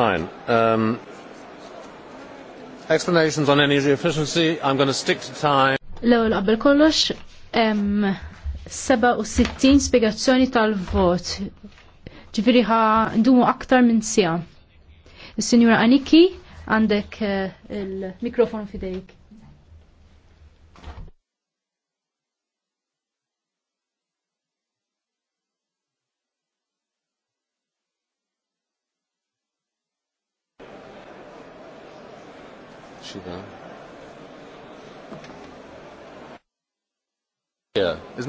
Fine. Um, explanations on energy efficiency, I'm going to stick to time. L-ewwel qabel kollox 67 spiegazzjoni tal-vot. Ġifiri ħa ndumu aktar minn sija. il sinjura Aniki għandek eh, il-mikrofon fidejk. Sugar. Yeah.